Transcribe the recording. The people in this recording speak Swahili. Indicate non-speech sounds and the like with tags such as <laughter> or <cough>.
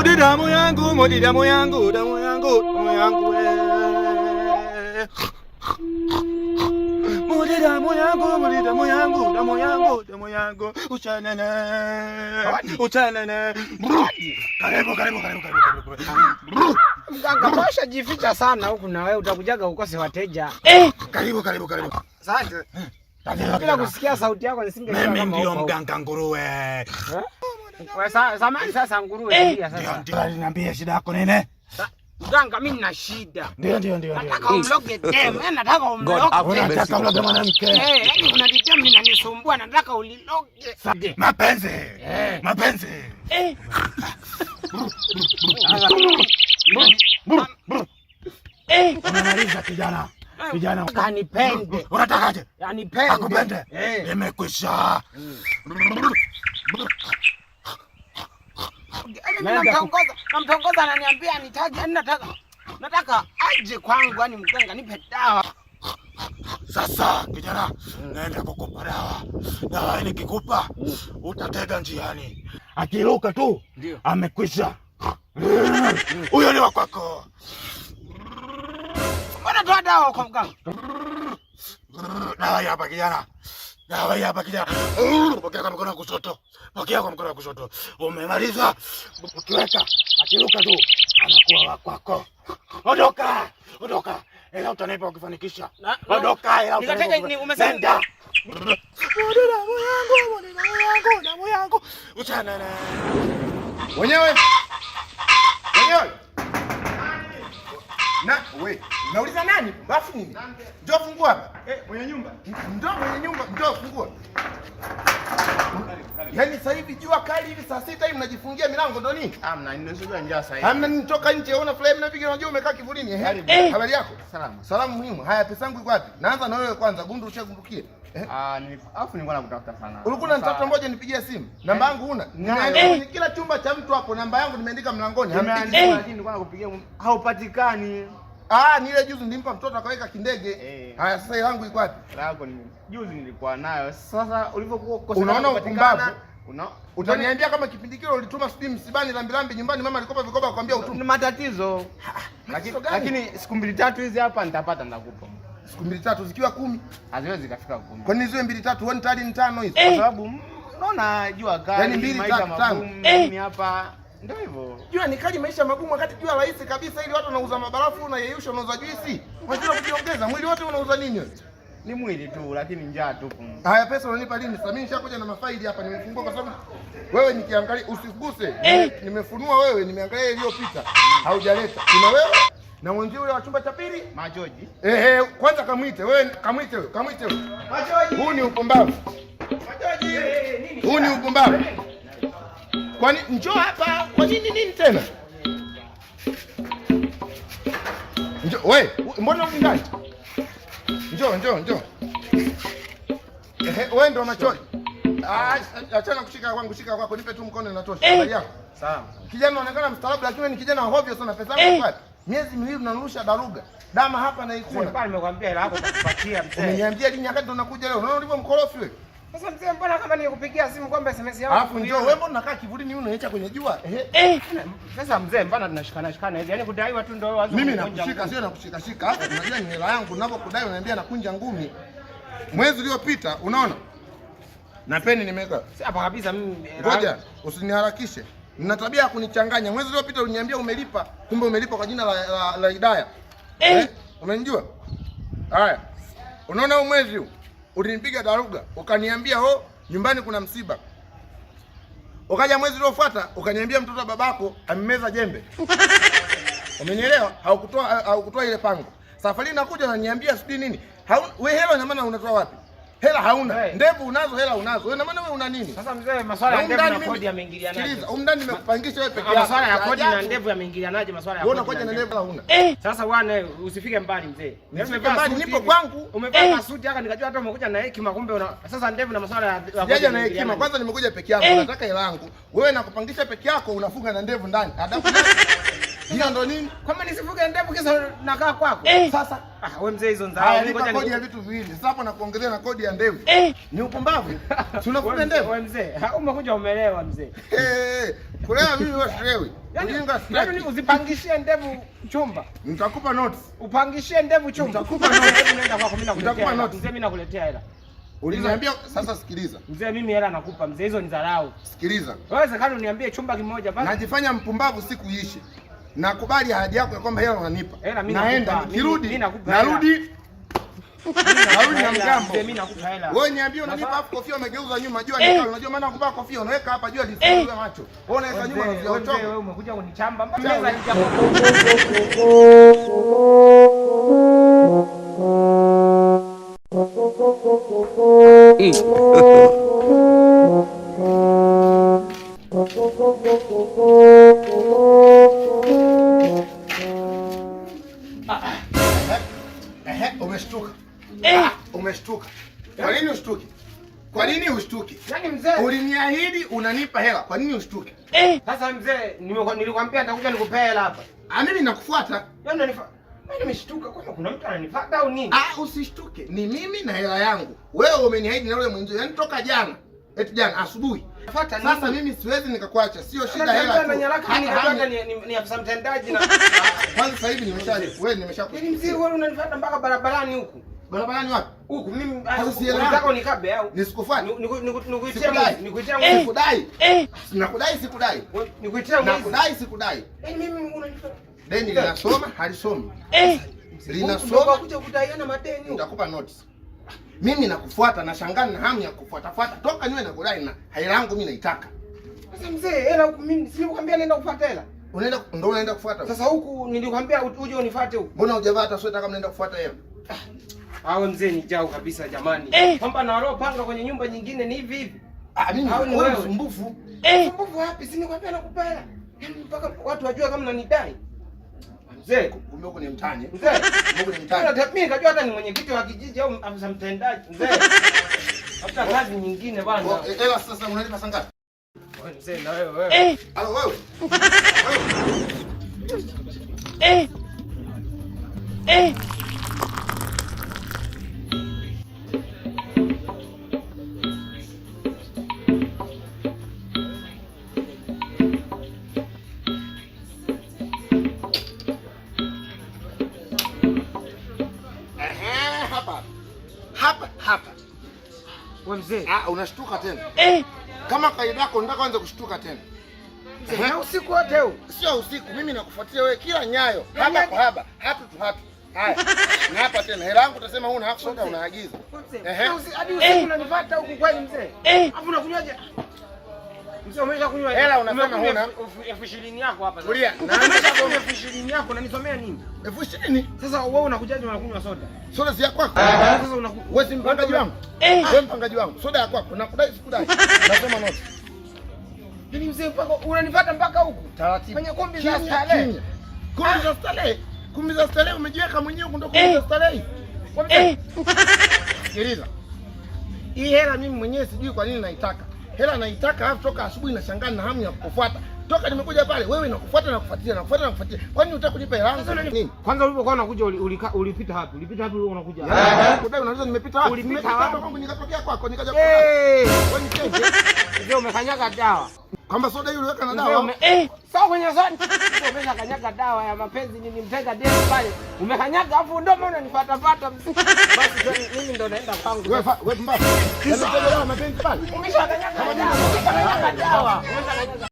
Mudi damu yangu, mudi damu yangu, damu yangu, damu yangu Mudi damu yangu, mudi damu yangu, damu yangu, damu yangu Uchanene, uchanene Karibu, karibu, karibu, karibu Mganga Basha jificha sana huku na wewe utakujaga ukose wateja. Eh, karibu karibu karibu. Asante. Bila kusikia sauti yako nisingekuwa mimi ndio mganga nguruwe. Eh? Samani eh. sasa, eh. shida yako nini? Mganga, mimi nina shida. Ndio, ndio, ndio. Nataka umloge eh. demu, yaani nataka umloge. Nataka uloge mwanamke. Eh, yani kuna demu linanisumbua, nataka uliloge. Mapenzi. Mapenzi. Eh. unamaliza kijana. Kijana, kanipende. Unatakaje? Yanipende. Akupende. Nimekwisha. Mm. Yaani namtongoza ananiambia nitaje, yaani nataka nataka aje kwangu, yani mganga nipe dawa. Sasa kijana, naenda kukupa dawa. Dawa nikikupa utatega njiani, akiruka tu amekwisha. Huyo ni wakwako. Mbona toa dawa kwa mganga? Dawa hapa kijana. Dawa hapa kijana. Pokea kwa mkono wa kushoto. Pokea kwa mkono wa kushoto. Umemaliza. Ukiweka akiruka tu anakuwa wa kwako. Ondoka. Ondoka. Hela utanipa ukifanikisha. Ondoka hela utanipa. Nikataka umesema. Wenyewe. Wenyewe. Na we, unauliza nani? Bafu nini? Ndio fungua hapa. Eh, mwenye nyumba. Ndio mwenye nyumba, ndio fungua. Yaani sasa hivi jua kali hivi saa sita hivi mnajifungia milango ndo nini? Hamna, ah, ninasubiria njaa sasa hivi. Hamna, nitoka nje unaona flame mnapiga jua umekaa kivulini. Eh? Eh. Habari yako? Salamu. Salamu muhimu. Haya pesa yangu iko wapi? Naanza na wewe kwanza, gundu ushagundukia. Eh? Ah, alafu nilikuwa nakutafuta sana. Ulikuwa unanitafuta ngoja nipigie simu. Namba eh? yangu huna. Nimeandika eh? kila chumba cha mtu hapo namba yangu nimeandika mlangoni. Nimeandika lakini nilikuwa nakupigia haupatikani. Ah, ni ile juzi nilimpa mtoto akaweka kindege. Haya sasa yangu iko wapi? Lako ni juzi nilikuwa nayo. Sasa ulivyokuwa kosa unaona upumbavu. Una utaniambia kama kipindi kile ulituma sijui msibani lambi lambi nyumbani mama alikopa vikoba akwambia utume. Ni matatizo. Lakini lakini siku mbili tatu hizi hapa nitapata nitakupa siku mbili tatu zikiwa kumi haziwezi kafika kumi. Kwa nini ziwe mbili tatu? Wewe tayari ni tano hizo, eh! kwa sababu unaona jua kali, yani mbili tatu tano ni eh! hapa ndio hivyo. Jua ni kali, maisha magumu, wakati jua rahisi kabisa, ili watu wanauza mabarafu, na yeyusho, wanauza juisi, unajua kujiongeza mwili wote, unauza nini wewe? Ni mwili tu, lakini njaa tu. Haya, pesa unanipa lini? Sasa mimi nishakuja na mafaili hapa, nimefungua kwa sababu wewe nikiangalia, usiguse. Eh! Nimefunua wewe, nimeangalia iliyopita, haujaleta. Kuna wewe na mwenzie ule wa chumba cha pili Majoji. Eh, eh, kwanza kamwite wewe, kamwite wewe, kamwite wewe. Majoji. Huu ni upumbavu. Majoji. Eh, eh, eh, nini? Huu ni upumbavu. Kwani njoo hapa kwa nini nini tena? Njoo wewe, mbona uko ndani? Njoo, njoo, njoo. Eh, wewe ndo Majoji. Ah, achana kushika kwangu, shika kwako, nipe tu mkono inatosha. Habari Sawa. Kijana anaonekana mstaarabu lakini ni kijana wa hovyo sana pesa yako miezi miwili unarusha daruga dama hapa na ikuna. Mzee, nimekwambia ila hapo kupatia mzee. Umeniambia lini wakati tunakuja leo? Unaona ulivyo mkorofi wewe? Sasa mzee, mbona kama nilikupigia simu kwamba SMS yangu. Alafu ndio wewe, mbona unakaa kivuli ni unaacha kwenye jua? Eh, eh Sasa mzee, mbona tunashikana shikana hivi? Yaani kudaiwa tu ndio wazo. Mimi nakushika sio nakushika shika. Hapo unajua ni hela yangu ninapokudai unaniambia nakunja ngumi. Mwezi uliopita unaona? Na peni nimeweka. Si hapa kabisa mimi. Ngoja, usiniharakishe. Nina tabia ya kunichanganya. Mwezi uliopita uliniambia umelipa, kumbe umelipa kwa jina la, la, la Hidaya. Eh, eh? Umenijua? Haya. Unaona huu mwezi huu ulinipiga daruga, ukaniambia oh, nyumbani kuna msiba. Ukaja mwezi uliofuata ukaniambia mtoto wa babako amemeza jembe. <laughs> Umenielewa? Haukutoa haukutoa ile pango. Safari nakuja niambia sijui nini. Wewe hela na maana unatoa wapi? hela hauna, hey. ndevu unazo, hela unazo wewe, na maana wewe una nini? Sasa mzee, masuala ya ndevu na kodi yameingilianaje? Sikiliza, umndani nimekupangisha wewe peke yako. Masuala ya kodi na ndevu yameingilianaje? Masuala ya kodi, wewe unakuja na ndevu hauna. Eh. Sasa bwana, usifike mbali mzee, yaani nipo kwangu, umevaa eh. suti haka, nikajua hata umekuja na hekima, kumbe una sasa ndevu na masuala ya kodi. Sijaja na hekima, kwanza nimekuja peke yako, eh. nataka hela yangu. Wewe nakupangisha peke yako, unafunga na ndevu ndani, adafu Jina ndo nini? Kama nisifuge ndevu kisa nakaa kwako. Eh. Sasa ah, wewe mzee hizo nzao. Yaani ngoja kodi ya vitu viwili. Sasa hapo nakuongelea na kodi ya ndevu. Eh. Ni upumbavu. <laughs> Tuna Tunakupa ndevu. Wewe mzee, umekuja umelewa mzee. <laughs> Eh, eh, eh, kulea mimi wewe sielewi. Yaani, yaani ni uzipangishie ndevu chumba. Nitakupa notes. Upangishie ndevu chumba. Nitakupa yaani notes. Unaenda kwako mimi nakuletea. Nitakupa notes. Mzee mimi nakuletea hela. Uliniambia sasa, sikiliza mzee, mimi hela nakupa mzee, hizo ni dharau. Sikiliza wewe, kani uniambie chumba kimoja basi. Najifanya mpumbavu siku ishe nakubali ahadi yako ya kwamba hela unanipa, naenda nikirudi, narudi narudi na mgambo. Wewe niambie unanipa, afu kofia umegeuza nyuma, jua ni unajua maana kuvaa kofia unaweka hapa, jua lifungue eh. macho. Wewe unaweka nyuma na vya utoka. Wewe umekuja kunichamba meza nitakupa eh. nini ushtuke? Kwa nini ushtuke? Yaani mzee, uliniahidi unanipa hela. Kwa nini ushtuke? Eh. Sasa mzee, nilikwambia nitakuja nikupe hela hapa. Ah, mimi nakufuata. Yaani unanifa. Mimi yaani nimeshtuka kwamba kuna mtu ananifuata au nini? Ah, usishtuke. Ni mimi na hela yangu. Wewe umeniahidi na yule mwenzio. Yaani toka jana. Eti jana asubuhi. Nafuata Sasa mimi siwezi nikakuacha. Sio shida hela. Hata ni ni afisa mtendaji na <laughs> ah, kwanza sasa hivi nimeshalipwa. Wewe nimeshakupa. Yaani mzee, wewe unanifuata mpaka barabarani huku. Barabarani wapi? Huku mimi sasa zako ah, ni nisikufuate. Nikuitia nikuitia Sikudai. Eh, eh. Nakudai sikudai. Nikuitia Nakudai sikudai. Eh, mimi Deni linasoma halisomi. Eh. Linasoma kudaiana madeni. Nitakupa notice. Mimi nakufuata nashangaa na hamu ya kufuata fuata. Toka niwe kudai na hela yangu mimi naitaka. Sasa mzee, hela huku mimi sikukwambia nenda kufuata hela. Unaenda ndio unaenda kufuata. Sasa huku nilikwambia uje unifuate huku. Mbona hujavaa hata sweta kama unaenda kufuata hela? Ah. Awe mzee ni jau kabisa jamani. Eh. Kwamba na roho panga kwenye nyumba nyingine ni hivi hivi. Ah, mimi ni wewe msumbufu. Eh. Msumbufu wapi? Si nikwambia nakupenda. Yaani mpaka watu wajue kama nanidai. Mzee, kumbe huko ni mtani. Mzee, kumbe ni mtani. Hata mimi nikajua hata ni mwenye mwenyekiti wa kijiji au afisa mtendaji. Mzee. Hata <laughs> kazi nyingine bwana. Oh, eh, hela sasa unalipa sanga? Wewe mzee na wewe wewe. Eh. Alo eh. wewe. Eh. Eh. hapa wewe mzee. Ah, unashtuka tena eh? Kama kaida yako ndio kwanza kushtuka tena usiku wote huu. Sio usiku, mimi nakufuatilia wewe kila nyayo, haba kwa haba, Hapa tu hapa. Haya. <laughs> Na hapa tena hela yangu utasema huna haki, unaagiza. Ehe. Hadi usiku eh. unanivata huku kweli mzee? Eh. Afu unakunywaje? soda? si ya kwako. Wewe si mpangaji wangu. Eh! Wewe mpangaji wangu. Soda ya kwako. Nakudai sikudai. Nasema yaani mzee mpaka mpaka huku? Taratibu. Fanya ah! za starehe. za starehe. za starehe umejiweka mwenyewe huko ndio kombi eh! za starehe. Eh! Sikiliza. Hii hela mimi mwenyewe sijui kwa nini naitaka hela naitaka, halafu toka asubuhi nashangaa na hamu ya kukufuata toka nimekuja pale, wewe nakufuata na kufuatilia na kufuata na kufuatilia. Kwani unataka kunipa hela yangu nini? Kwanza ulipokuwa unakuja ulipita ulipita yaani, hapo ulipita hapo unakuja kudai, unaweza nimepita hapo ulipita hapo kwangu nikatokea kwako nikaja kwako, wewe ni change ndio umekanyaga dawa. Kwamba soda hiyo uliweka na dawa. Eh, sawa kwenye soda. Umesha kanyaga dawa ya mapenzi nini nilimtega deni pale. Umekanyaga afu ndo maana nifata fuata. Basi mimi ndo naenda kwangu Wewe wewe mbaya. Umesha kanyaga dawa. Umesha kanyaga dawa.